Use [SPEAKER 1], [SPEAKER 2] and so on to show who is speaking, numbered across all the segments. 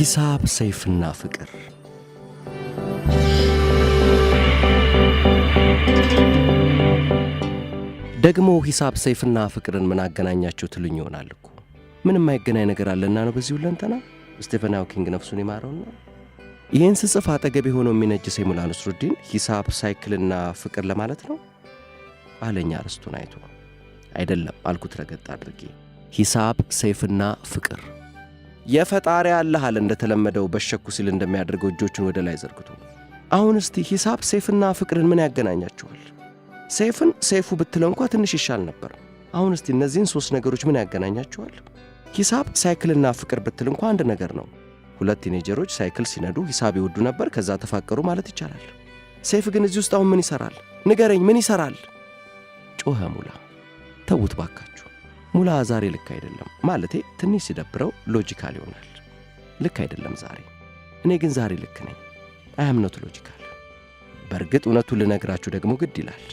[SPEAKER 1] ሂሳብ ሰይፍና ፍቅር ደግሞ ሂሳብ ሰይፍና ፍቅርን ምን አገናኛቸው ትሉኝ ይሆናል እኮ ምንም አይገናኝ ነገር አለና ነው በዚሁ ለንተና ስቴፈን ሃውኪንግ ነፍሱን ይማረውና ይህን ስጽፍ አጠገብ የሆነው የሚነጅ ሙላ ንስሩዲን ሂሳብ ሳይክልና ፍቅር ለማለት ነው አለኝ አርስቱን አይቶ አይደለም አልኩት ረገጥ አድርጌ ሂሳብ ሰይፍና ፍቅር የፈጣሪ አለህ እንደተለመደው በሸኩ ሲል እንደሚያደርገው እጆቹን ወደ ላይ ዘርግቶ አሁን እስቲ ሂሳብ ሴፍና ፍቅርን ምን ያገናኛቸዋል? ሴፍን ሴፉ ብትል እንኳ ትንሽ ይሻል ነበር። አሁን እስቲ እነዚህን ሦስት ነገሮች ምን ያገናኛቸዋል? ሂሳብ ሳይክልና ፍቅር ብትል እንኳ አንድ ነገር ነው። ሁለት ቲኔጀሮች ሳይክል ሲነዱ ሂሳብ ይወዱ ነበር፣ ከዛ ተፋቀሩ ማለት ይቻላል። ሴፍ ግን እዚህ ውስጥ አሁን ምን ይሠራል? ንገረኝ፣ ምን ይሠራል? ጮኸ ሙላ። ተዉት ባካ ሙላ ዛሬ ልክ አይደለም ማለቴ ትንሽ ሲደብረው ሎጂካል ይሆናል። ልክ አይደለም ዛሬ። እኔ ግን ዛሬ ልክ ነኝ። አያምነቱ ሎጂካል። በእርግጥ እውነቱ ልነግራችሁ ደግሞ ግድ ይላል።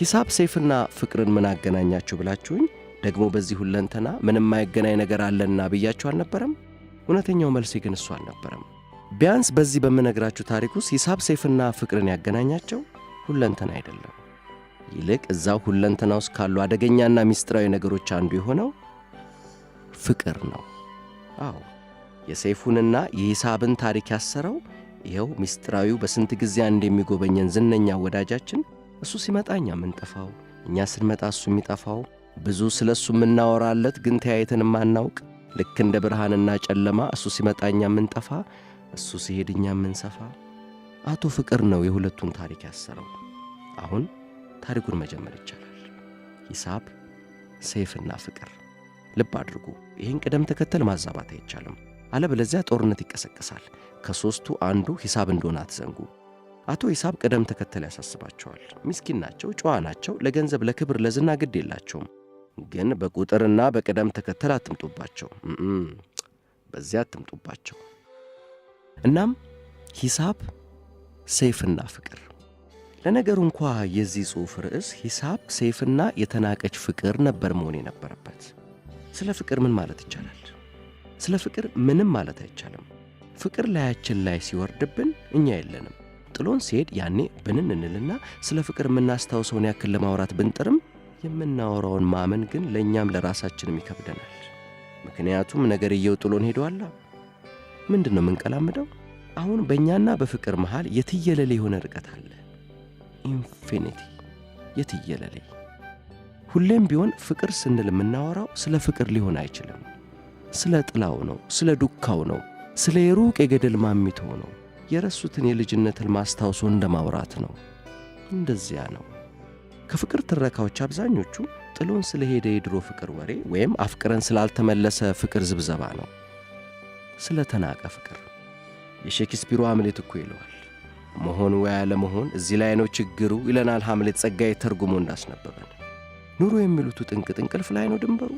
[SPEAKER 1] ሂሳብ ሴፍና ፍቅርን ምን አገናኛችሁ ብላችሁኝ ደግሞ በዚህ ሁለንተና ምንም ማይገናኝ ነገር አለና ብያችሁ አልነበረም? እውነተኛው መልሴ ግን እሱ አልነበረም። ቢያንስ በዚህ በምነግራችሁ ታሪክ ውስጥ ሂሳብ ሴፍና ፍቅርን ያገናኛቸው ሁለንተና አይደለም ይልቅ እዛው ሁለንተና ውስጥ ካሉ አደገኛና ሚስጥራዊ ነገሮች አንዱ የሆነው ፍቅር ነው። አዎ የሰይፉንና የሂሳብን ታሪክ ያሰረው ይኸው ሚስጥራዊው በስንት ጊዜ አንድ የሚጎበኘን ዝነኛ ወዳጃችን እሱ ሲመጣ እኛ የምንጠፋው፣ እኛ ስንመጣ እሱ የሚጠፋው፣ ብዙ ስለ እሱ የምናወራለት ግን ተያይተን የማናውቅ ልክ እንደ ብርሃንና ጨለማ እሱ ሲመጣ እኛ የምንጠፋ፣ እሱ ሲሄድ እኛ የምንሰፋ አቶ ፍቅር ነው የሁለቱን ታሪክ ያሰረው አሁን ታሪኩን መጀመር ይቻላል። ሂሳብ፣ ሰይፍና ፍቅር። ልብ አድርጉ፣ ይህን ቅደም ተከተል ማዛባት አይቻልም። አለበለዚያ ጦርነት ይቀሰቀሳል። ከሦስቱ አንዱ ሂሳብ እንደሆነ አትዘንጉ። አቶ ሂሳብ ቅደም ተከተል ያሳስባቸዋል። ምስኪን ናቸው፣ ጨዋ ናቸው። ለገንዘብ፣ ለክብር፣ ለዝና ግድ የላቸውም። ግን በቁጥርና በቅደም ተከተል አትምጡባቸው። በዚያ አትምጡባቸው። እናም ሂሳብ፣ ሰይፍና ፍቅር ለነገሩ እንኳ የዚህ ጽሑፍ ርዕስ ሂሳብ፣ ሰይፍና የተናቀች ፍቅር ነበር መሆን የነበረበት። ስለ ፍቅር ምን ማለት ይቻላል? ስለ ፍቅር ምንም ማለት አይቻልም። ፍቅር ላያችን ላይ ሲወርድብን እኛ የለንም። ጥሎን ሲሄድ ያኔ ብንን እንልና ስለ ፍቅር የምናስታውሰውን ያክል ለማውራት ብንጥርም የምናወራውን ማመን ግን ለእኛም ለራሳችንም ይከብደናል። ምክንያቱም ነገርየው ጥሎን ሄደዋላ። ምንድን ነው የምንቀላምደው? አሁን በእኛና በፍቅር መሃል የትየለሌ የሆነ ርቀት አለ። ኢንፊኒቲ የትየለሌ ሁሌም ቢሆን ፍቅር ስንል የምናወራው ስለ ፍቅር ሊሆን አይችልም። ስለ ጥላው ነው፣ ስለ ዱካው ነው፣ ስለ የሩቅ የገደል ማሚቶ ነው። የረሱትን የልጅነት ሕልም እንደ ማውራት ነው። እንደዚያ ነው። ከፍቅር ትረካዎች አብዛኞቹ ጥሎን ስለሄደ የድሮ ፍቅር ወሬ ወይም አፍቅረን ስላልተመለሰ ፍቅር ዝብዘባ ነው። ስለ ተናቀ ፍቅር የሼክስፒሩ አምሌት እኮ ይለዋል መሆን ወይ አለመሆን እዚህ ላይ ነው ችግሩ ይለናል ሐምሌት ጸጋዬ ተርጉሞ እንዳስነበበን። ኑሮ የሚሉት ጥንቅጥ እንቅልፍ ላይ ነው ድንበሩ።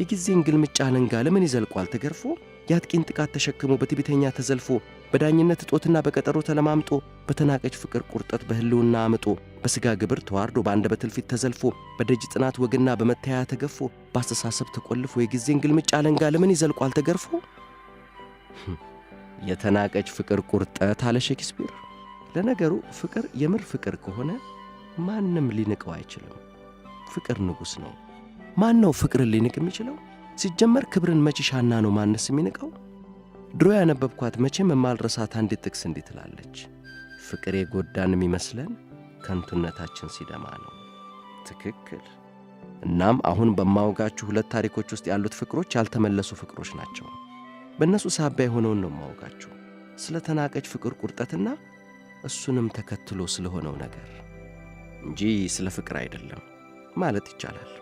[SPEAKER 1] የጊዜን ግልምጫ አለንጋ ለምን ይዘልቋል ተገርፎ የአጥቂን ጥቃት ተሸክሞ በትቢተኛ ተዘልፎ በዳኝነት እጦትና በቀጠሮ ተለማምጦ በተናቀች ፍቅር ቁርጠት በህልውና አምጦ በሥጋ ግብር ተዋርዶ በአንደበት በትልፊት ተዘልፎ በደጅ ጥናት ወግና በመተያያ ተገፎ በአስተሳሰብ ተቆልፎ የጊዜን ግልምጫ አለንጋ ለምን ይዘልቋል ተገርፎ የተናቀች ፍቅር ቁርጠት አለ ሼክስፒር። ለነገሩ ፍቅር የምር ፍቅር ከሆነ ማንም ሊንቀው አይችልም። ፍቅር ንጉሥ ነው። ማን ነው ፍቅርን ሊንቅ የሚችለው? ሲጀመር ክብርን መቼ ሻና ነው ማነስ የሚንቀው? ድሮ ያነበብኳት መቼም የማልረሳት አንዲት ጥቅስ እንዲህ ትላለች፣ ፍቅር የጎዳን የሚመስለን ከንቱነታችን ሲደማ ነው። ትክክል። እናም አሁን በማወጋችሁ ሁለት ታሪኮች ውስጥ ያሉት ፍቅሮች ያልተመለሱ ፍቅሮች ናቸው። በእነሱ ሳቢያ የሆነውን ነው የማወጋችሁ፣ ስለ ተናቀች ፍቅር ቁርጠትና እሱንም ተከትሎ ስለሆነው ነገር እንጂ ስለ ፍቅር አይደለም ማለት ይቻላል።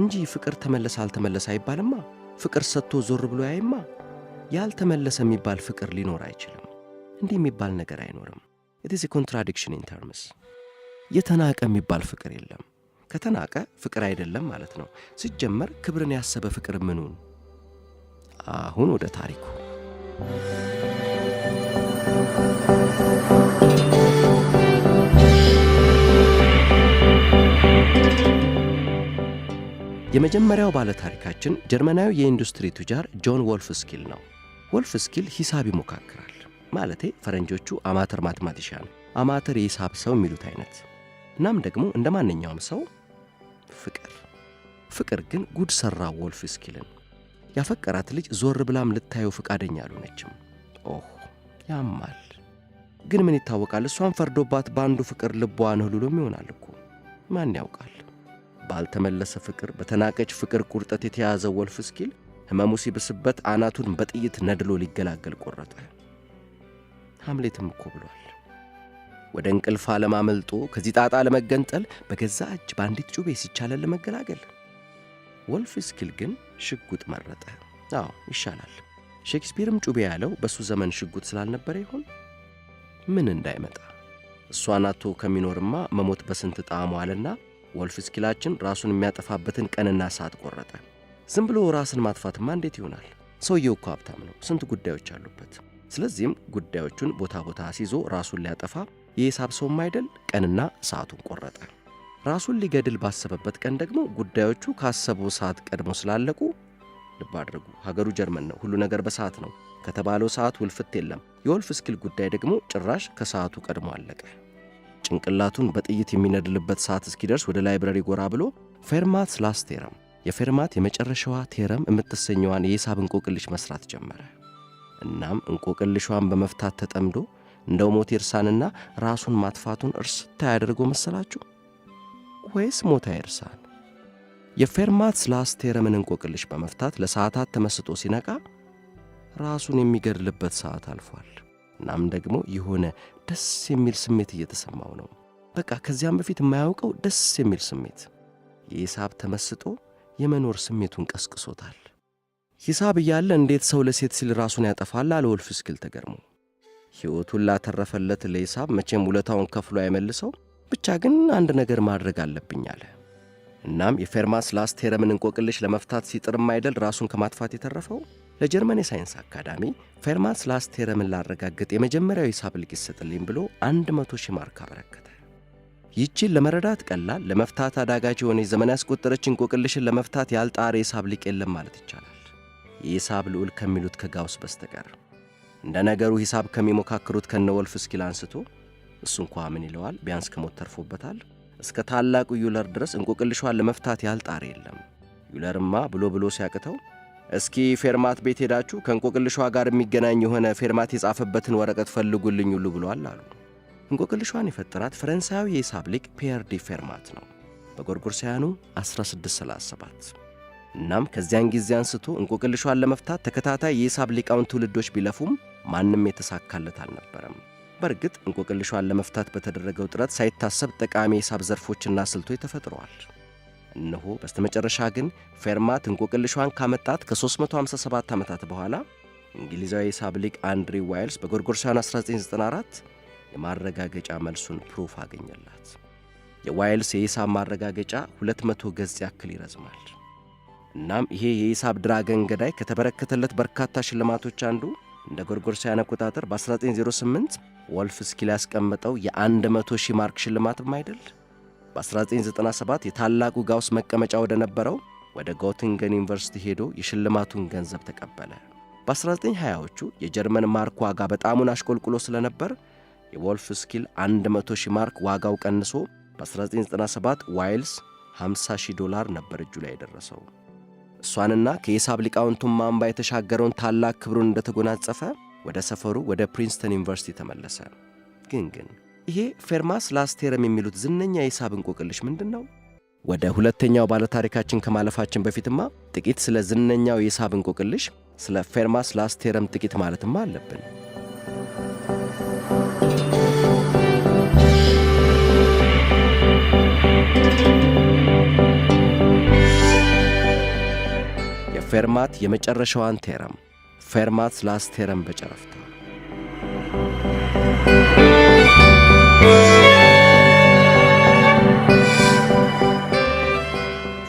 [SPEAKER 1] እንጂ ፍቅር ተመለሰ አልተመለሰ አይባልማ። ፍቅር ሰጥቶ ዞር ብሎ ያይማ። ያልተመለሰ የሚባል ፍቅር ሊኖር አይችልም። እንዲህ የሚባል ነገር አይኖርም። ኢትስ ኮንትራዲክሽን ኢን ተርምስ። የተናቀ የሚባል ፍቅር የለም። ከተናቀ ፍቅር አይደለም ማለት ነው። ሲጀመር ክብርን ያሰበ ፍቅር ምኑን። አሁን ወደ ታሪኩ የመጀመሪያው ባለታሪካችን ጀርመናዊ የኢንዱስትሪ ቱጃር ጆን ወልፍ ስኪል ነው። ወልፍ ስኪል ሂሳብ ይሞካክራል። ማለቴ ፈረንጆቹ አማተር ማትማቲሻን፣ አማተር የሂሳብ ሰው የሚሉት አይነት። እናም ደግሞ እንደ ማንኛውም ሰው ፍቅር ፍቅር ግን ጉድ ሠራው ወልፍ ስኪልን። ያፈቀራት ልጅ ዞር ብላም ልታየው ፈቃደኛ አልሆነችም። ኦህ ያማል። ግን ምን ይታወቃል፣ እሷን ፈርዶባት በአንዱ ፍቅር ልቧ ንህሉሎም ይሆናል እኮ ማን ያውቃል። ባልተመለሰ ፍቅር፣ በተናቀች ፍቅር ቁርጠት የተያዘ ወልፍ እስኪል ህመሙ ሲብስበት አናቱን በጥይት ነድሎ ሊገላገል ቆረጠ። ሐምሌትም እኮ ብሏል። ወደ እንቅልፍ ዓለም አመልጦ ከዚህ ጣጣ ለመገንጠል በገዛ እጅ በአንዲት ጩቤ ሲቻለን ለመገላገል ወልፍ እስኪል ግን ሽጉጥ መረጠ። አዎ ይሻላል። ሼክስፒርም ጩቤ ያለው በእሱ ዘመን ሽጉጥ ስላልነበረ ይሆን ምን እንዳይመጣ እሷ ናቶ ከሚኖርማ መሞት በስንት ጣዕሙ አለና ወልፍ ስኪላችን ራሱን የሚያጠፋበትን ቀንና ሰዓት ቆረጠ። ዝም ብሎ ራስን ማጥፋትማ እንዴት ይሆናል? ሰውየው እኮ ሀብታም ነው፣ ስንት ጉዳዮች አሉበት። ስለዚህም ጉዳዮቹን ቦታ ቦታ አስይዞ ራሱን ሊያጠፋ የሂሳብ ሰውም አይደል፣ ቀንና ሰዓቱን ቆረጠ። ራሱን ሊገድል ባሰበበት ቀን ደግሞ ጉዳዮቹ ካሰበው ሰዓት ቀድሞ ስላለቁ ልብ አድርጉ፣ ሀገሩ ጀርመን ነው፣ ሁሉ ነገር በሰዓት ነው። ከተባለው ሰዓት ውልፍት የለም። የወልፍ ስኪል ጉዳይ ደግሞ ጭራሽ ከሰዓቱ ቀድሞ አለቀ። ጭንቅላቱን በጥይት የሚነድልበት ሰዓት እስኪደርስ ወደ ላይብረሪ ጎራ ብሎ ፌርማት ስላስ ቴረም የፌርማት የመጨረሻዋ ቴረም የምትሰኘዋን የሂሳብ እንቆቅልሽ መስራት ጀመረ። እናም እንቆቅልሿን በመፍታት ተጠምዶ እንደ ሞት ይርሳንና ራሱን ማጥፋቱን እርስታ ያደርገው መሰላችሁ ወይስ ሞታ ይርሳን? የፌርማት ስላስ ቴረምን እንቆቅልሽ በመፍታት ለሰዓታት ተመስጦ ሲነቃ ራሱን የሚገድልበት ሰዓት አልፏል። እናም ደግሞ የሆነ ደስ የሚል ስሜት እየተሰማው ነው። በቃ ከዚያም በፊት የማያውቀው ደስ የሚል ስሜት የሂሳብ ተመስጦ የመኖር ስሜቱን ቀስቅሶታል። ሂሳብ እያለ እንዴት ሰው ለሴት ሲል ራሱን ያጠፋል አለ ዎልፍስኪል ተገርሞ። ሕይወቱን ላተረፈለት ለሂሳብ መቼም ውለታውን ከፍሎ አይመልሰው፣ ብቻ ግን አንድ ነገር ማድረግ አለብኝ አለ። እናም የፌርማስ ላስት ቴረምን እንቆቅልሽ ለመፍታት ሲጥር ማይደል ራሱን ከማጥፋት የተረፈው ለጀርመን የሳይንስ አካዳሚ ፌርማ ስላስ ቴረምን ላረጋግጥ የመጀመሪያው ሂሳብ ልቅ ይሰጥልኝ ብሎ 100 ሺህ ማርክ አበረከተ። ይቺን ለመረዳት ቀላል ለመፍታት አዳጋጅ የሆነ ዘመን ያስቆጠረች እንቆቅልሽን ለመፍታት ያልጣረ የሂሳብ ልቅ የለም ማለት ይቻላል። የሂሳብ ልዑል ከሚሉት ከጋውስ በስተቀር እንደ ነገሩ ሂሳብ ከሚሞካክሩት ከነወልፍ እስኪል አንስቶ እሱ እንኳ ምን ይለዋል ቢያንስ ከሞት ተርፎበታል እስከ ታላቁ ዩለር ድረስ እንቆቅልሿን ለመፍታት ያልጣረ የለም። ዩለርማ ብሎ ብሎ ሲያቅተው እስኪ ፌርማት ቤት ሄዳችሁ ከእንቆቅልሿ ጋር የሚገናኝ የሆነ ፌርማት የጻፈበትን ወረቀት ፈልጉልኝ ሁሉ ብሏል አሉ። እንቆቅልሿን የፈጠራት ፈረንሳዊ የሂሳብ ሊቅ ፒየር ዲ ፌርማት ነው በጎርጎሮሳውያኑ 1637። እናም ከዚያን ጊዜ አንስቶ እንቆቅልሿን ለመፍታት ተከታታይ የሂሳብ ሊቃውንት ትውልዶች ቢለፉም ማንም የተሳካለት አልነበረም። በእርግጥ እንቆቅልሿን ለመፍታት በተደረገው ጥረት ሳይታሰብ ጠቃሚ የሂሳብ ዘርፎችና ስልቶች ተፈጥረዋል። እነሆ በስተመጨረሻ ግን ፌርማት እንቆቅልሿን ካመጣት ከ357 ዓመታት በኋላ እንግሊዛዊ ሂሳብ ሊቅ አንድሪ ዋይልስ በጎርጎሮሳውያን 1994 የማረጋገጫ መልሱን ፕሩፍ አገኘላት። የዋይልስ የሂሳብ ማረጋገጫ 200 ገጽ ያክል ይረዝማል። እናም ይሄ የሂሳብ ድራገን ገዳይ ከተበረከተለት በርካታ ሽልማቶች አንዱ እንደ ጎርጎሮሳውያን አቆጣጠር በ1908 ወልፍ ስኪል ሊያስቀምጠው የ100 ሺህ ማርክ ሽልማትም አይደል? በ1997 የታላቁ ጋውስ መቀመጫ ወደ ነበረው ወደ ጎቲንገን ዩኒቨርሲቲ ሄዶ የሽልማቱን ገንዘብ ተቀበለ። በ1920ዎቹ የጀርመን ማርክ ዋጋ በጣሙን አሽቆልቁሎ ስለነበር የቮልፍ ስኪል 100 ሺህ ማርክ ዋጋው ቀንሶ በ1997 ዋይልስ 50 ሺህ ዶላር ነበር እጁ ላይ የደረሰው። እሷንና ከሂሳብ ሊቃውንቱን ማንባ የተሻገረውን ታላቅ ክብሩን እንደተጎናጸፈ ወደ ሰፈሩ ወደ ፕሪንስተን ዩኒቨርሲቲ ተመለሰ። ግን ግን ይሄ ፌርማስ ላስቴረም የሚሉት ዝነኛ የሂሳብ እንቆቅልሽ ምንድን ነው? ወደ ሁለተኛው ባለታሪካችን ከማለፋችን በፊትማ ጥቂት ስለ ዝነኛው የሂሳብ እንቆቅልሽ ስለ ፌርማስ ላስቴረም ጥቂት ማለትማ አለብን። የፌርማት የመጨረሻዋን ቴረም ፌርማት ላስቴረም በጨረፍታ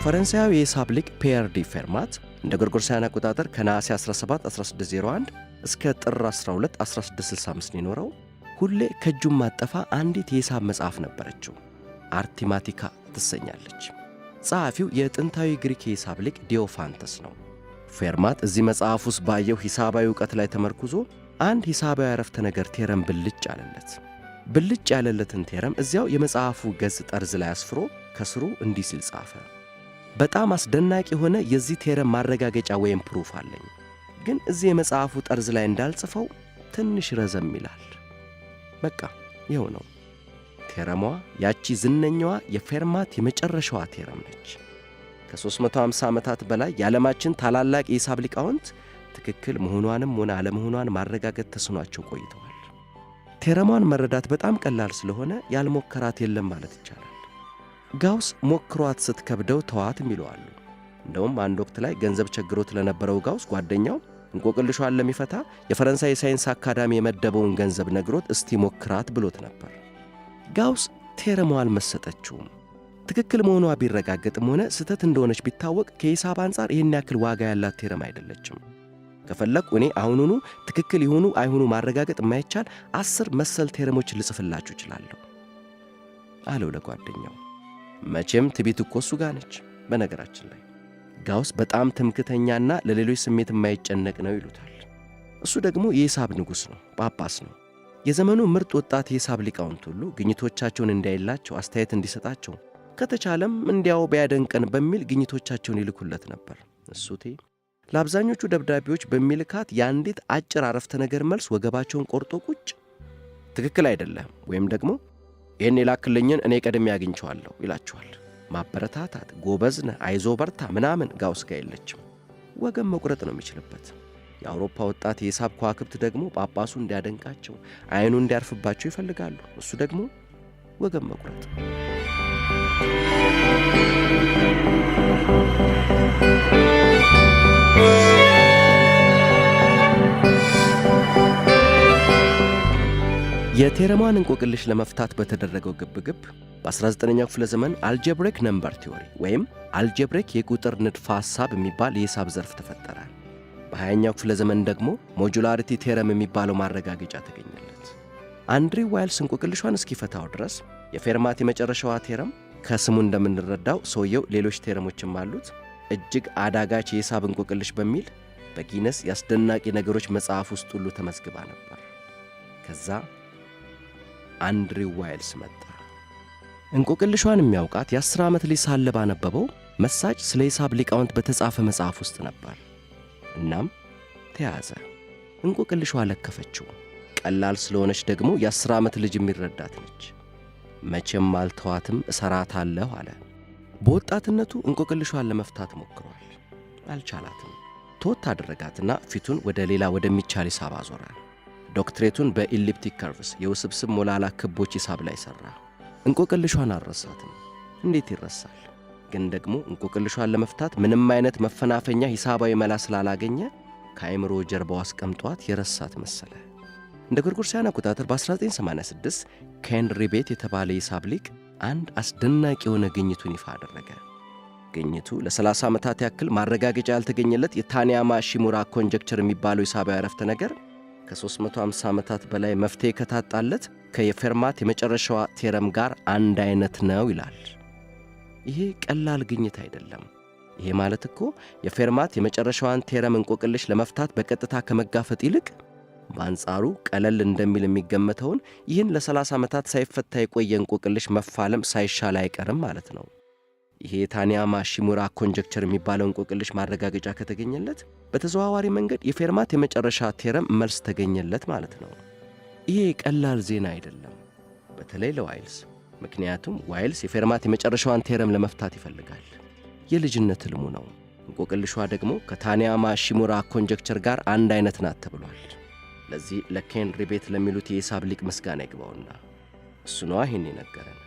[SPEAKER 1] ፈረንሳያዊ የሂሳብ ሊቅ ፒየር ዲ ፌርማት እንደ ጎርጎሮሳውያን አቆጣጠር ከነሐሴ 17 1601 እስከ ጥር 12 1665 የኖረው ሁሌ ከእጁም ማጠፋ አንዲት የሂሳብ መጽሐፍ ነበረችው፣ አርቲማቲካ ትሰኛለች። ጸሐፊው የጥንታዊ ግሪክ የሂሳብ ሊቅ ዲዮፋንተስ ነው። ፌርማት እዚህ መጽሐፍ ውስጥ ባየው ሂሳባዊ ዕውቀት ላይ ተመርኩዞ አንድ ሂሳባዊ አረፍተ ነገር ቴረም ብልጭ አለለት። ብልጭ ያለለትን ቴረም እዚያው የመጽሐፉ ገጽ ጠርዝ ላይ አስፍሮ ከስሩ እንዲህ ሲል ጻፈ። በጣም አስደናቂ የሆነ የዚህ ቴረም ማረጋገጫ ወይም ፕሩፍ አለኝ፣ ግን እዚህ የመጽሐፉ ጠርዝ ላይ እንዳልጽፈው ትንሽ ረዘም ይላል። በቃ ይኸው ነው። ቴረሟ ያቺ ዝነኛዋ የፌርማት የመጨረሻዋ ቴረም ነች። ከ350 ዓመታት በላይ የዓለማችን ታላላቅ የሂሳብ ሊቃውንት ትክክል መሆኗንም ሆነ አለመሆኗን ማረጋገጥ ተስኗቸው ቆይተዋል። ቴረሟን መረዳት በጣም ቀላል ስለሆነ ያልሞከራት የለም ማለት ይቻላል። ጋውስ ሞክሯት ስትከብደው ተዋት የሚለዋሉ። እንደውም አንድ ወቅት ላይ ገንዘብ ቸግሮት ለነበረው ጋውስ ጓደኛው እንቆቅልሿን ለሚፈታ የፈረንሳይ ሳይንስ አካዳሚ የመደበውን ገንዘብ ነግሮት እስቲ ሞክራት ብሎት ነበር። ጋውስ ቴረሟ አልመሰጠችውም። ትክክል መሆኗ ቢረጋገጥም ሆነ ስህተት እንደሆነች ቢታወቅ ከሂሳብ አንጻር ይህን ያክል ዋጋ ያላት ቴረም አይደለችም። ከፈለቁ እኔ አሁኑኑ ትክክል ይሆኑ አይሆኑ ማረጋገጥ የማይቻል አስር መሰል ቴረሞች ልጽፍላችሁ እችላለሁ አለው ለጓደኛው። መቼም ትቢት እኮ እሱ ጋ ነች። በነገራችን ላይ ጋውስ በጣም ትምክተኛና ለሌሎች ስሜት የማይጨነቅ ነው ይሉታል። እሱ ደግሞ የሂሳብ ንጉሥ ነው፣ ጳጳስ ነው። የዘመኑ ምርጥ ወጣት የሂሳብ ሊቃውንት ሁሉ ግኝቶቻቸውን እንዳይላቸው አስተያየት እንዲሰጣቸው ከተቻለም እንዲያው ቢያደንቀን በሚል ግኝቶቻቸውን ይልኩለት ነበር እሱቴ ለአብዛኞቹ ደብዳቤዎች በሚልካት የአንዲት አጭር አረፍተ ነገር መልስ ወገባቸውን ቆርጦ ቁጭ ትክክል አይደለም ወይም ደግሞ ይህን የላክልኝን እኔ ቀድሜ አግኝቸዋለሁ ይላቸዋል። ማበረታታት ጎበዝነ፣ አይዞ፣ በርታ ምናምን ጋውስ ጋ የለችም። ወገን መቁረጥ ነው የሚችልበት። የአውሮፓ ወጣት የሂሳብ ከዋክብት ደግሞ ጳጳሱ እንዲያደንቃቸው አይኑ እንዲያርፍባቸው ይፈልጋሉ። እሱ ደግሞ ወገን መቁረጥ የቴረማን እንቆቅልሽ ለመፍታት በተደረገው ግብግብ በ19ኛው ክፍለ ዘመን አልጀብሬክ ነምበር ቲዎሪ ወይም አልጀብሬክ የቁጥር ንድፈ ሐሳብ የሚባል የሂሳብ ዘርፍ ተፈጠረ። በ20ኛው ክፍለ ዘመን ደግሞ ሞጁላሪቲ ቴረም የሚባለው ማረጋገጫ ተገኘለት። አንድሪ ዋይልስ እንቆቅልሿን እስኪፈታው ድረስ የፌርማት የመጨረሻዋ ቴረም ከስሙ እንደምንረዳው ሰውየው ሌሎች ቴረሞችም አሉት እጅግ አዳጋች የሂሳብ እንቆቅልሽ በሚል በጊነስ የአስደናቂ ነገሮች መጽሐፍ ውስጥ ሁሉ ተመዝግባ ነበር። ከዛ አንድሪው ዋይልስ መጣ። እንቆቅልሿን የሚያውቃት የአስር ዓመት ልጅ ሳለ ባነበበው መሳጭ ስለ ሂሳብ ሊቃውንት በተጻፈ መጽሐፍ ውስጥ ነበር። እናም ተያዘ። እንቆቅልሿ አለከፈችው። ቀላል ስለሆነች ደግሞ የአስር ዓመት ልጅ የሚረዳት ነች። መቼም አልተዋትም፣ እሰራታለሁ አለ። በወጣትነቱ እንቆቅልሿን ለመፍታት ሞክሯል። አልቻላትም። ተወት አደረጋትና ፊቱን ወደ ሌላ ወደሚቻል ሂሳብ አዞረ። ዶክትሬቱን በኢሊፕቲክ ከርቭስ የውስብስብ ሞላላ ክቦች ሂሳብ ላይ ሠራ። እንቆቅልሿን አልረሳትም። እንዴት ይረሳል? ግን ደግሞ እንቆቅልሿን ለመፍታት ምንም አይነት መፈናፈኛ ሂሳባዊ መላ ስላላገኘ ከአእምሮ ጀርባው አስቀምጧት የረሳት መሰለ። እንደ ጎርጎርሲያን አቆጣጠር በ1986 ኬን ሪቤት የተባለ ሂሳብ ሊቅ አንድ አስደናቂ የሆነ ግኝቱን ይፋ አደረገ። ግኝቱ ለ30 ዓመታት ያክል ማረጋገጫ ያልተገኘለት የታንያማ ሺሙራ ኮንጀክቸር የሚባለው ሂሳባዊ አረፍተ ነገር ከ350 ዓመታት በላይ መፍትሄ ከታጣለት ከየፌርማት የመጨረሻዋ ቴረም ጋር አንድ አይነት ነው ይላል። ይሄ ቀላል ግኝት አይደለም። ይሄ ማለት እኮ የፌርማት የመጨረሻዋን ቴረም እንቆቅልሽ ለመፍታት በቀጥታ ከመጋፈጥ ይልቅ በአንጻሩ ቀለል እንደሚል የሚገመተውን ይህን ለ30 ዓመታት ሳይፈታ የቆየ እንቆቅልሽ መፋለም ሳይሻል አይቀርም ማለት ነው። ይሄ የታንያማ ሺሙራ ኮንጀክቸር የሚባለው እንቁቅልሽ ማረጋገጫ ከተገኘለት በተዘዋዋሪ መንገድ የፌርማት የመጨረሻ ቴረም መልስ ተገኘለት ማለት ነው። ይሄ ቀላል ዜና አይደለም፣ በተለይ ለዋይልስ። ምክንያቱም ዋይልስ የፌርማት የመጨረሻዋን ቴረም ለመፍታት ይፈልጋል። የልጅነት ሕልሙ ነው። እንቆቅልሿ ደግሞ ከታንያማ ሺሙራ ኮንጀክቸር ጋር አንድ አይነት ናት ተብሏል። ለዚህ ለኬንሪ ቤት ለሚሉት የሂሳብ ሊቅ ምስጋና ይግባውና እሱ ይህን የነገረን።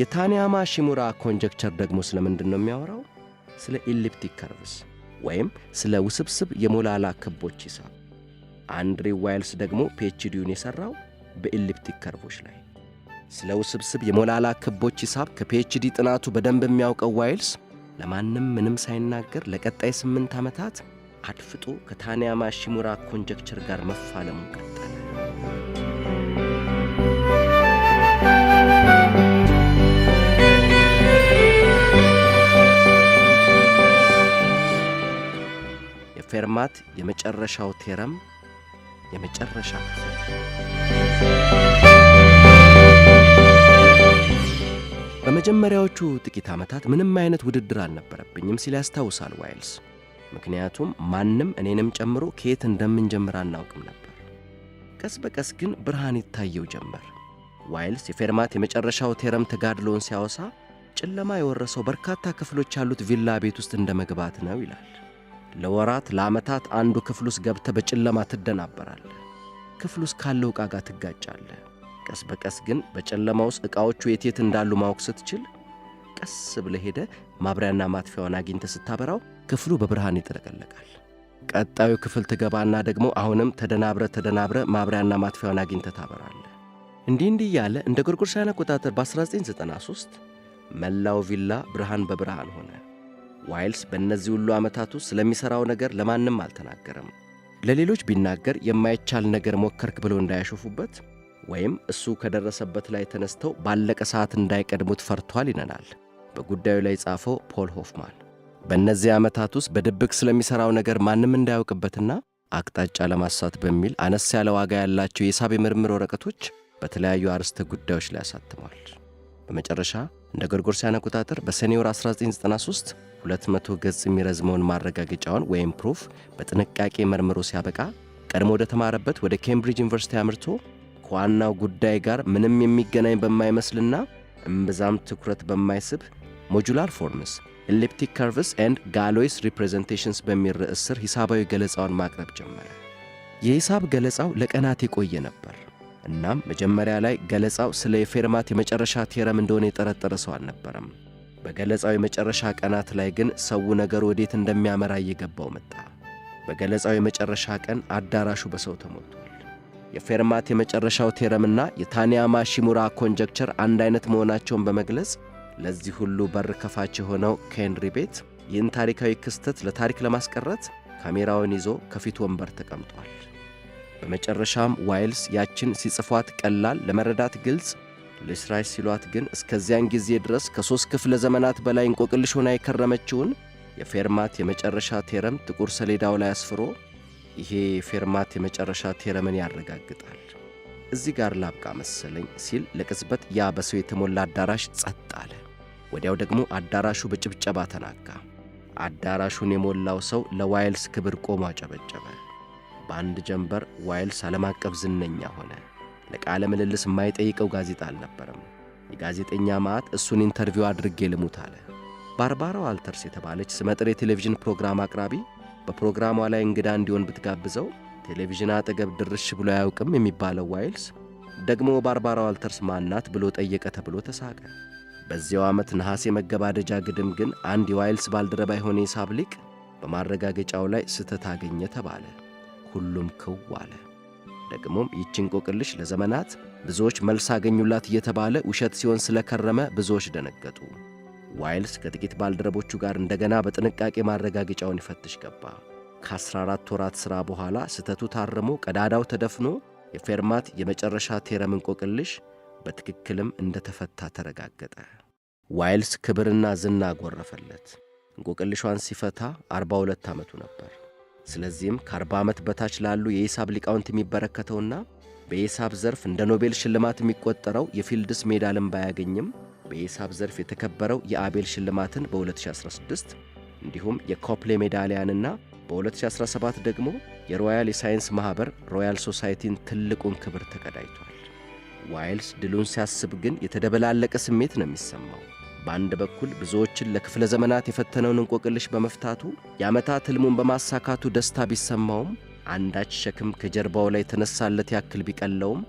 [SPEAKER 1] የታኒያማ ሺሙራ ኮንጀክቸር ደግሞ ምንድን ነው የሚያወራው? ስለ ኢሊፕቲክ ከርቭስ ወይም ስለ ውስብስብ የሞላላ ክቦች ሂሳብ። አንድሪ ዋይልስ ደግሞ ፒኤችዲውን የሠራው በኢሊፕቲክ ከርቮች ላይ ስለ ውስብስብ የሞላላ ክቦች ሂሳብ ከፒኤችዲ ጥናቱ በደንብ የሚያውቀው ዋይልስ ለማንም ምንም ሳይናገር ለቀጣይ ስምንት ዓመታት አድፍጦ ከታንያማ ሺሙራ ኮንጀክቸር ጋር መፋለሙን ቀጠለ። የፌርማት የመጨረሻው ቴረም የመጨረሻ በመጀመሪያዎቹ ጥቂት ዓመታት ምንም አይነት ውድድር አልነበረብኝም ሲል ያስታውሳል ዋይልስ። ምክንያቱም ማንም እኔንም ጨምሮ ከየት እንደምንጀምር አናውቅም ነበር። ቀስ በቀስ ግን ብርሃን ይታየው ጀመር። ዋይልስ የፌርማት የመጨረሻው ቴረም ተጋድሎውን ሲያወሳ ጨለማ የወረሰው በርካታ ክፍሎች ያሉት ቪላ ቤት ውስጥ እንደ መግባት ነው ይላል። ለወራት ለዓመታት አንዱ ክፍል ውስጥ ገብተ በጨለማ ትደናበራለ። ክፍል ውስጥ ካለው ዕቃ ጋር ትጋጫለ። ቀስ በቀስ ግን በጨለማ ውስጥ ዕቃዎቹ የት የት እንዳሉ ማወቅ ስትችል ቀስ ብለ ሄደ ማብሪያና ማጥፊያውን አግኝተ ስታበራው ክፍሉ በብርሃን ይጥለቀለቃል። ቀጣዩ ክፍል ትገባና ደግሞ አሁንም ተደናብረ ተደናብረ ማብሪያና ማጥፊያውን አግኝተ ታበራለ። እንዲህ እንዲህ እያለ እንደ ጎርጎሮሳውያን አቆጣጠር በ1993 መላው ቪላ ብርሃን በብርሃን ሆነ። ዋይልስ በእነዚህ ሁሉ ዓመታት ውስጥ ስለሚሠራው ነገር ለማንም አልተናገረም። ለሌሎች ቢናገር የማይቻል ነገር ሞከርክ ብለው እንዳያሾፉበት ወይም እሱ ከደረሰበት ላይ ተነስተው ባለቀ ሰዓት እንዳይቀድሙት ፈርቷል ይነናል በጉዳዩ ላይ ጻፈው ፖል ሆፍማን። በእነዚህ ዓመታት ውስጥ በድብቅ ስለሚሠራው ነገር ማንም እንዳያውቅበትና አቅጣጫ ለማሳት በሚል አነስ ያለ ዋጋ ያላቸው የሂሳብ የምርምር ወረቀቶች በተለያዩ አርዕስተ ጉዳዮች ላይ አሳትሟል። በመጨረሻ እንደ ጎርጎሮሳውያን አቆጣጠር በሰኔ ወር 1993 200 ገጽ የሚረዝመውን ማረጋገጫውን ወይም ፕሩፍ በጥንቃቄ መርምሮ ሲያበቃ ቀድሞ ወደ ተማረበት ወደ ኬምብሪጅ ዩኒቨርሲቲ አምርቶ ከዋናው ጉዳይ ጋር ምንም የሚገናኝ በማይመስልና እምብዛም ትኩረት በማይስብ ሞጁላር ፎርምስ ኤሊፕቲክ ከርቭስ ኤንድ ጋሎይስ ሪፕሬዘንቴሽንስ በሚል ርዕስ ስር ሂሳባዊ ገለጻውን ማቅረብ ጀመረ። የሂሳብ ገለጻው ለቀናት የቆየ ነበር። እናም መጀመሪያ ላይ ገለጻው ስለ የፌርማት የመጨረሻ ቴረም እንደሆነ የጠረጠረ ሰው አልነበረም። በገለጻው የመጨረሻ ቀናት ላይ ግን ሰው ነገር ወዴት እንደሚያመራ እየገባው መጣ። በገለጻው የመጨረሻ ቀን አዳራሹ በሰው ተሞልቷል። የፌርማት የመጨረሻው ቴረምና የታኒያማ ሺሙራ ኮንጀክቸር አንድ አይነት መሆናቸውን በመግለጽ ለዚህ ሁሉ በር ከፋች የሆነው ከሄንሪ ቤት ይህን ታሪካዊ ክስተት ለታሪክ ለማስቀረት ካሜራውን ይዞ ከፊት ወንበር ተቀምጧል። በመጨረሻም ዋይልስ ያችን ሲጽፏት ቀላል ለመረዳት ግልጽ ልስራሽ ሲሏት ግን እስከዚያን ጊዜ ድረስ ከሦስት ክፍለ ዘመናት በላይ እንቆቅልሽ ሆና የከረመችውን የፌርማት የመጨረሻ ቴረም ጥቁር ሰሌዳው ላይ አስፍሮ ይሄ የፌርማት የመጨረሻ ቴረምን ያረጋግጣል። እዚህ ጋር ላብቃ መሰለኝ ሲል ለቅጽበት ያ በሰው የተሞላ አዳራሽ ጸጥ አለ። ወዲያው ደግሞ አዳራሹ በጭብጨባ ተናጋ። አዳራሹን የሞላው ሰው ለዋይልስ ክብር ቆሞ አጨበጨበ። በአንድ ጀንበር ዋይልስ ዓለም አቀፍ ዝነኛ ሆነ። ለቃለ ምልልስ የማይጠይቀው ጋዜጣ አልነበረም። የጋዜጠኛ ማዕት እሱን ኢንተርቪው አድርጌ ልሙት አለ። ባርባራ ዋልተርስ የተባለች ስመጥር የቴሌቪዥን ፕሮግራም አቅራቢ በፕሮግራሟ ላይ እንግዳ እንዲሆን ብትጋብዘው ቴሌቪዥን አጠገብ ድርሽ ብሎ አያውቅም የሚባለው ዋይልስ ደግሞ ባርባራ ዋልተርስ ማናት ብሎ ጠየቀ ተብሎ ተሳቀ። በዚያው ዓመት ነሐሴ መገባደጃ ግድም ግን አንድ የዋይልስ ባልደረባ የሆነ የሂሳብ ሊቅ በማረጋገጫው ላይ ስህተት አገኘ ተባለ። ሁሉም ክው አለ። ደግሞም ይቺ እንቆቅልሽ ለዘመናት ብዙዎች መልስ አገኙላት እየተባለ ውሸት ሲሆን ስለከረመ ብዙዎች ደነገጡ። ዋይልስ ከጥቂት ባልደረቦቹ ጋር እንደገና በጥንቃቄ ማረጋገጫውን ይፈትሽ ገባ። ከ14 ወራት ሥራ በኋላ ስህተቱ ታርሞ ቀዳዳው ተደፍኖ የፌርማት የመጨረሻ ቴረም እንቆቅልሽ በትክክልም እንደተፈታ ተረጋገጠ። ዋይልስ ክብርና ዝና ጎረፈለት። እንቆቅልሿን ሲፈታ 42 ዓመቱ ነበር። ስለዚህም ከ40 ዓመት በታች ላሉ የሂሳብ ሊቃውንት የሚበረከተውና በሂሳብ ዘርፍ እንደ ኖቤል ሽልማት የሚቆጠረው የፊልድስ ሜዳልን ባያገኝም በሂሳብ ዘርፍ የተከበረው የአቤል ሽልማትን በ2016 እንዲሁም የኮፕሌ ሜዳሊያንና በ2017 ደግሞ የሮያል የሳይንስ ማኅበር ሮያል ሶሳይቲን ትልቁን ክብር ተቀዳጅቷል። ዋይልስ ድሉን ሲያስብ ግን የተደበላለቀ ስሜት ነው የሚሰማው። በአንድ በኩል ብዙዎችን ለክፍለ ዘመናት የፈተነውን እንቆቅልሽ በመፍታቱ የዓመታት ህልሙን በማሳካቱ ደስታ ቢሰማውም አንዳች ሸክም ከጀርባው ላይ የተነሳለት ያክል ቢቀለውም፣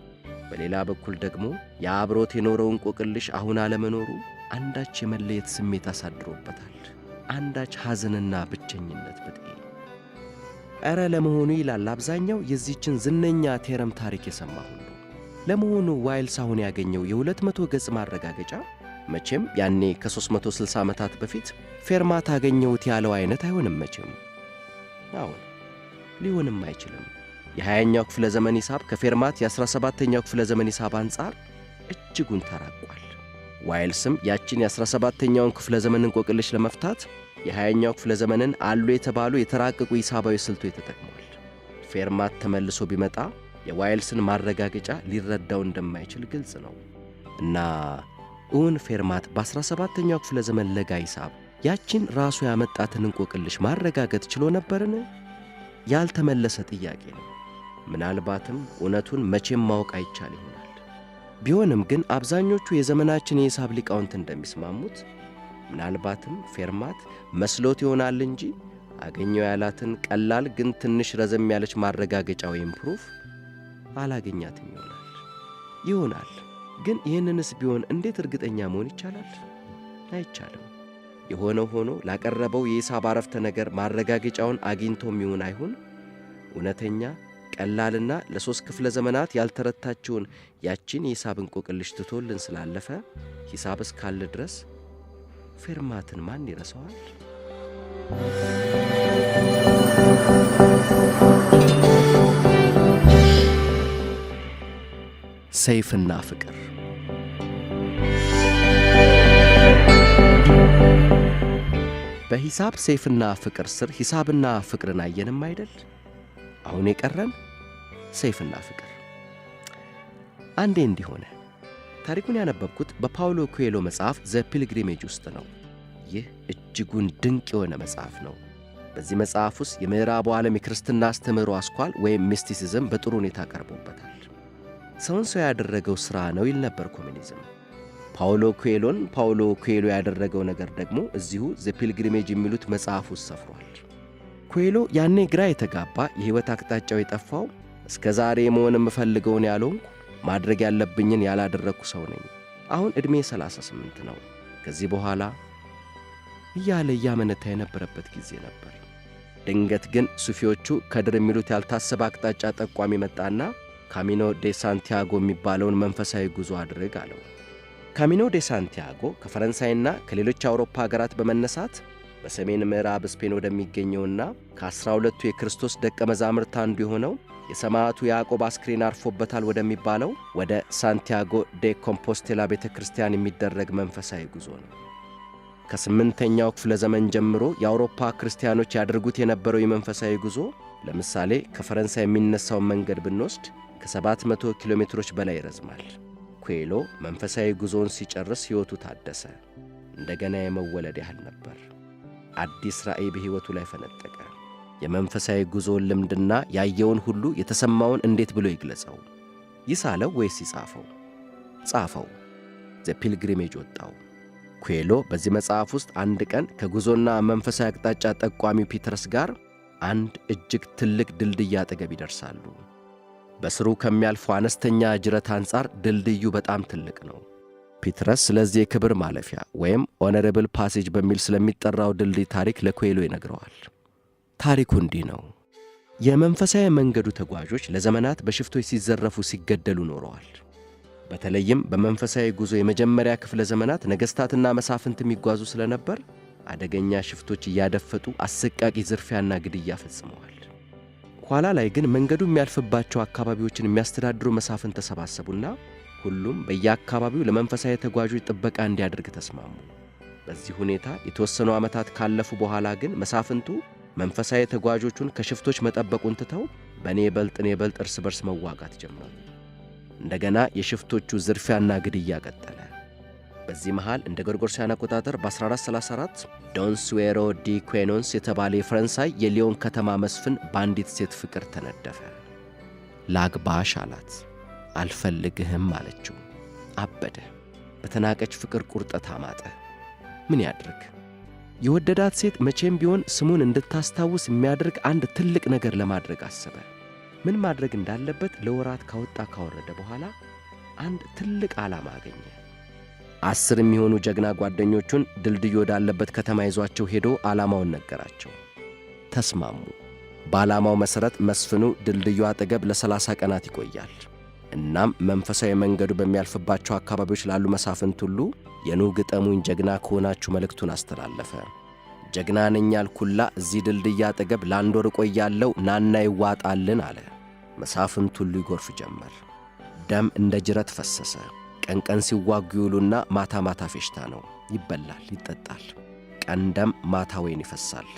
[SPEAKER 1] በሌላ በኩል ደግሞ የአብሮት የኖረው እንቆቅልሽ አሁን አለመኖሩ አንዳች የመለየት ስሜት አሳድሮበታል። አንዳች ሐዘንና ብቸኝነት ብጤ ኧረ ለመሆኑ ይላል አብዛኛው የዚህችን ዝነኛ ቴረም ታሪክ የሰማ ሁሉ ለመሆኑ ዋይልስ አሁን ያገኘው የ200 ገጽ ማረጋገጫ መቼም ያኔ ከ360 ዓመታት በፊት ፌርማት ታገኘውት ያለው አይነት አይሆንም። መቼም አሁን ሊሆንም አይችልም። የ20ኛው ክፍለ ዘመን ሂሳብ ከፌርማት የ17ኛው ክፍለ ዘመን ሂሳብ አንጻር እጅጉን ተራቋል። ዋይልስም ያችን የ17ኛውን ክፍለ ዘመን እንቆቅልሽ ለመፍታት የ20ኛው ክፍለ ዘመንን አሉ የተባሉ የተራቀቁ ሂሳባዊ ስልቶች ተጠቅሟል። ፌርማት ተመልሶ ቢመጣ የዋይልስን ማረጋገጫ ሊረዳው እንደማይችል ግልጽ ነው እና እውን ፌርማት በ17ኛው ክፍለ ዘመን ለጋ ሂሳብ ያቺን ራሱ ያመጣትን እንቆቅልሽ ማረጋገጥ ችሎ ነበርን? ያልተመለሰ ጥያቄ ነው። ምናልባትም እውነቱን መቼም ማወቅ አይቻል ይሆናል። ቢሆንም ግን አብዛኞቹ የዘመናችን የሂሳብ ሊቃውንት እንደሚስማሙት ምናልባትም ፌርማት መስሎት ይሆናል እንጂ አገኘው ያላትን ቀላል ግን ትንሽ ረዘም ያለች ማረጋገጫ ወይም ፕሩፍ አላገኛትም ይሆናል ይሆናል። ግን ይህንንስ ቢሆን እንዴት እርግጠኛ መሆን ይቻላል? አይቻልም። የሆነ ሆኖ ላቀረበው የሂሳብ አረፍተ ነገር ማረጋገጫውን አግኝቶ ይሁን አይሁን እውነተኛ ቀላልና ለሦስት ክፍለ ዘመናት ያልተረታችውን ያችን የሂሳብ እንቆቅልሽ ትቶልን ስላለፈ ሂሳብ እስካለ ድረስ ፌርማትን ማን ይረሳዋል? ሰይፍና ፍቅር በሂሳብ ሰይፍና ፍቅር ስር ሂሳብና ፍቅርን አየንም አይደል? አሁን የቀረን ሰይፍና ፍቅር። አንዴ እንዲሆነ ታሪኩን ያነበብኩት በፓውሎ ኩዌሎ መጽሐፍ ዘ ፒልግሪሜጅ ውስጥ ነው። ይህ እጅጉን ድንቅ የሆነ መጽሐፍ ነው። በዚህ መጽሐፍ ውስጥ የምዕራቡ ዓለም የክርስትና አስተምህሮ አስኳል ወይም ሚስቲሲዝም በጥሩ ሁኔታ ቀርቦበታል። ሰውን ሰው ያደረገው ሥራ ነው ይል ነበር ኮሚኒዝም። ፓውሎ ኩዌሎን ፓውሎ ኩዌሎ ያደረገው ነገር ደግሞ እዚሁ ዘ ፒልግሪሜጅ የሚሉት መጽሐፍ ውስጥ ሰፍሯል። ኩዌሎ ያኔ ግራ የተጋባ የሕይወት አቅጣጫው የጠፋው እስከ ዛሬ መሆን የምፈልገውን ያልሆንኩ ማድረግ ያለብኝን ያላደረግኩ ሰው ነኝ። አሁን ዕድሜ 38 ነው። ከዚህ በኋላ እያለ እያመነታ የነበረበት ጊዜ ነበር። ድንገት ግን ሱፊዎቹ ከድር የሚሉት ያልታሰበ አቅጣጫ ጠቋሚ መጣና ካሚኖ ዴ ሳንቲያጎ የሚባለውን መንፈሳዊ ጉዞ አድርግ አለው። ካሚኖ ዴ ሳንቲያጎ ከፈረንሳይና ከሌሎች አውሮፓ ሀገራት በመነሳት በሰሜን ምዕራብ ስፔን ወደሚገኘውና ከአስራ ሁለቱ የክርስቶስ ደቀ መዛሙርት አንዱ የሆነው የሰማዕቱ ያዕቆብ አስክሬን አርፎበታል ወደሚባለው ወደ ሳንቲያጎ ዴ ኮምፖስቴላ ቤተ ክርስቲያን የሚደረግ መንፈሳዊ ጉዞ ነው። ከስምንተኛው ክፍለ ዘመን ጀምሮ የአውሮፓ ክርስቲያኖች ያደርጉት የነበረው የመንፈሳዊ ጉዞ ለምሳሌ ከፈረንሳይ የሚነሳውን መንገድ ብንወስድ ከ700 ኪሎ ሜትሮች በላይ ይረዝማል። ኩዌሎ መንፈሳዊ ጉዞውን ሲጨርስ ሕይወቱ ታደሰ። እንደገና የመወለድ ያህል ነበር። አዲስ ራዕይ በሕይወቱ ላይ ፈነጠቀ። የመንፈሳዊ ጉዞውን ልምድና ያየውን ሁሉ የተሰማውን እንዴት ብሎ ይግለጸው? ይሳለው ወይስ ይጻፈው? ጻፈው። ዘ ፒልግሪሜጅ ወጣው። ኩዌሎ በዚህ መጽሐፍ ውስጥ አንድ ቀን ከጉዞና መንፈሳዊ አቅጣጫ ጠቋሚ ፒተርስ ጋር አንድ እጅግ ትልቅ ድልድይ አጠገብ ይደርሳሉ። በስሩ ከሚያልፈው አነስተኛ ጅረት አንጻር ድልድዩ በጣም ትልቅ ነው። ፒትረስ ስለዚህ የክብር ማለፊያ ወይም ኦነሬብል ፓሴጅ በሚል ስለሚጠራው ድልድይ ታሪክ ለኮይሎ ይነግረዋል። ታሪኩ እንዲህ ነው። የመንፈሳዊ መንገዱ ተጓዦች ለዘመናት በሽፍቶች ሲዘረፉ፣ ሲገደሉ ኖረዋል። በተለይም በመንፈሳዊ ጉዞ የመጀመሪያ ክፍለ ዘመናት ነገሥታትና መሳፍንት የሚጓዙ ስለነበር አደገኛ ሽፍቶች እያደፈጡ አሰቃቂ ዝርፊያና ግድያ ፈጽመዋል። ኋላ ላይ ግን መንገዱ የሚያልፍባቸው አካባቢዎችን የሚያስተዳድሩ መሳፍን ተሰባሰቡና ሁሉም በየአካባቢው ለመንፈሳዊ ተጓዦች ጥበቃ እንዲያደርግ ተስማሙ። በዚህ ሁኔታ የተወሰኑ ዓመታት ካለፉ በኋላ ግን መሳፍንቱ መንፈሳዊ ተጓዦቹን ከሽፍቶች መጠበቁን ትተው በእኔ በልጥ እኔ በልጥ እርስ በርስ መዋጋት ጀመሩ። እንደገና የሽፍቶቹ ዝርፊያና ግድያ ቀጠለ። በዚህ መሃል እንደ ጎርጎርሳውያን አቆጣጠር በ1434 ዶንስዌሮ ዲ ኩኖንስ የተባለ የፈረንሳይ የሊዮን ከተማ መስፍን በአንዲት ሴት ፍቅር ተነደፈ። ላግባሽ አላት። አልፈልግህም አለችው። አበደ። በተናቀች ፍቅር ቁርጠት አማጠ። ምን ያድርግ? የወደዳት ሴት መቼም ቢሆን ስሙን እንድታስታውስ የሚያደርግ አንድ ትልቅ ነገር ለማድረግ አሰበ። ምን ማድረግ እንዳለበት ለወራት ካወጣ ካወረደ በኋላ አንድ ትልቅ ዓላማ አገኘ። አስር የሚሆኑ ጀግና ጓደኞቹን ድልድይ ወዳለበት ከተማ ይዟቸው ሄዶ ዓላማውን ነገራቸው። ተስማሙ። በዓላማው መሠረት መስፍኑ ድልድዩ አጠገብ ለሰላሳ ቀናት ይቆያል። እናም መንፈሳዊ መንገዱ በሚያልፍባቸው አካባቢዎች ላሉ መሳፍንት ሁሉ የኑ ግጠሙኝ ጀግና ከሆናችሁ መልእክቱን አስተላለፈ። ጀግና ነኝ ያልኩላ እዚህ ድልድይ አጠገብ ለአንድ ወር እቆያለሁ፣ ናና ይዋጣልን አለ። መሳፍንት ሁሉ ይጎርፍ ጀመር። ደም እንደ ጅረት ፈሰሰ። ቀን ቀን ሲዋጉ ይውሉና ማታ ማታ ፌሽታ ነው። ይበላል፣ ይጠጣል። ቀን ደም ማታ ወይን ይፈሳል።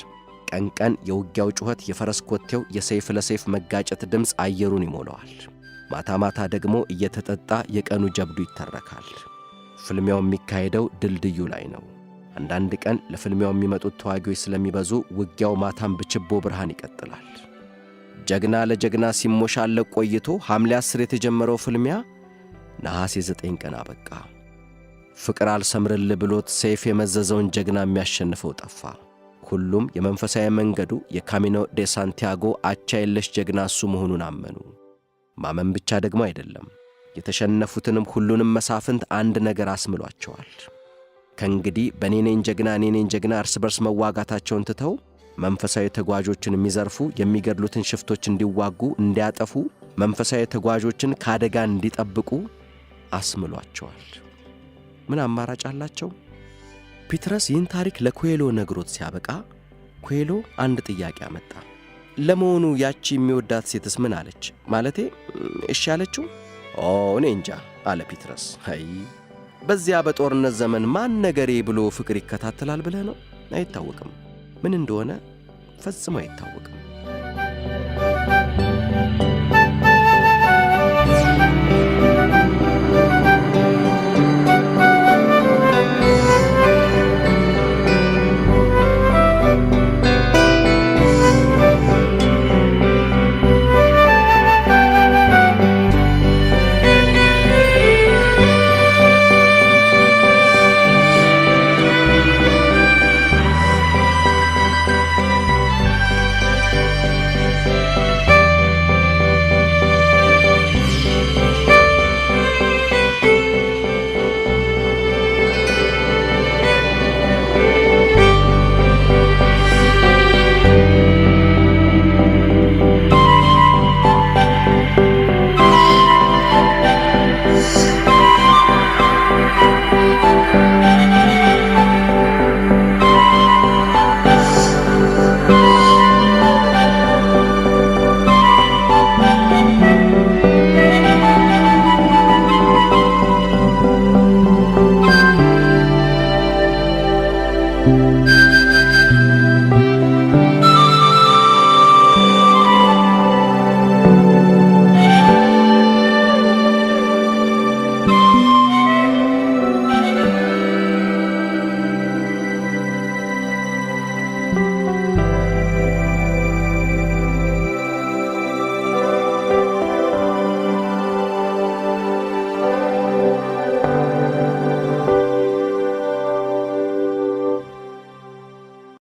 [SPEAKER 1] ቀን ቀን የውጊያው ጩኸት፣ የፈረስ ኮቴው፣ የሰይፍ ለሰይፍ መጋጨት ድምፅ አየሩን ይሞላዋል። ማታ ማታ ደግሞ እየተጠጣ የቀኑ ጀብዱ ይተረካል። ፍልሚያው የሚካሄደው ድልድዩ ላይ ነው። አንዳንድ ቀን ለፍልሚያው የሚመጡት ተዋጊዎች ስለሚበዙ ውጊያው ማታም በችቦ ብርሃን ይቀጥላል። ጀግና ለጀግና ሲሞሻለቅ ቆይቶ ሐምሌ 10 የተጀመረው ፍልሚያ ነሐሴ ዘጠኝ ቀን አበቃ። ፍቅር አልሰምርል ብሎት ሰይፍ የመዘዘውን ጀግና የሚያሸንፈው ጠፋ። ሁሉም የመንፈሳዊ መንገዱ የካሚኖ ዴ ሳንቲያጎ አቻ የለሽ ጀግና እሱ መሆኑን አመኑ። ማመን ብቻ ደግሞ አይደለም፣ የተሸነፉትንም ሁሉንም መሳፍንት አንድ ነገር አስምሏቸዋል። ከእንግዲህ በኔኔን ጀግና ኔኔን ጀግና እርስ በርስ መዋጋታቸውን ትተው መንፈሳዊ ተጓዦችን የሚዘርፉ የሚገድሉትን ሽፍቶች እንዲዋጉ እንዲያጠፉ መንፈሳዊ ተጓዦችን ከአደጋ እንዲጠብቁ አስምሏቸዋል። ምን አማራጭ አላቸው? ፒትረስ ይህን ታሪክ ለኮኤሎ ነግሮት ሲያበቃ ኮኤሎ አንድ ጥያቄ አመጣ። ለመሆኑ ያቺ የሚወዳት ሴትስ ምን አለች? ማለቴ እሺ አለችው? ኦ እኔ እንጃ አለ ፒትረስ። አይ በዚያ በጦርነት ዘመን ማን ነገሬ ብሎ ፍቅር ይከታተላል ብለህ ነው? አይታወቅም። ምን እንደሆነ ፈጽሞ አይታወቅም።